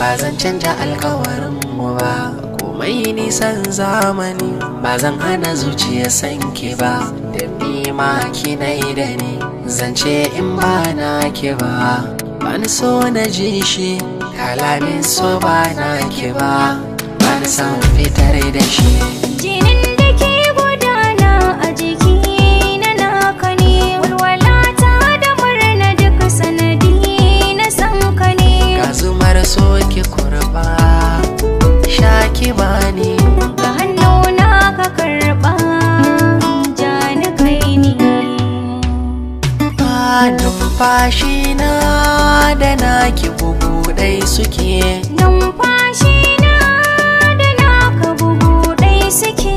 bazan zan canja alkawarinmu ba komai nisan zamani ba zan hana zuciya sanki ba da ma ki na da ni zance in ba na ke ba ban so na ji shi kalamin so ba na ke ba ban san fitar da shi so ki kurba shaki bani ga hannuna ka karba jani kai ni ba numfashi na da naki bugu dai suke numfashi na da naka bugu dai suke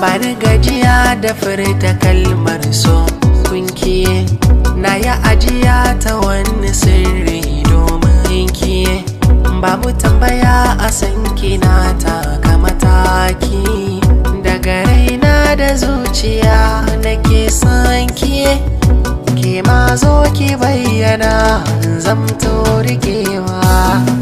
bani gajiya da furta kalmar so kunkiye na ya ajiya ta wani sirri domin kiye babu tambaya a sanki na ta mataki daga raina da zuciya na ke son kiye ke ma zo ki bayyana zamto rikewa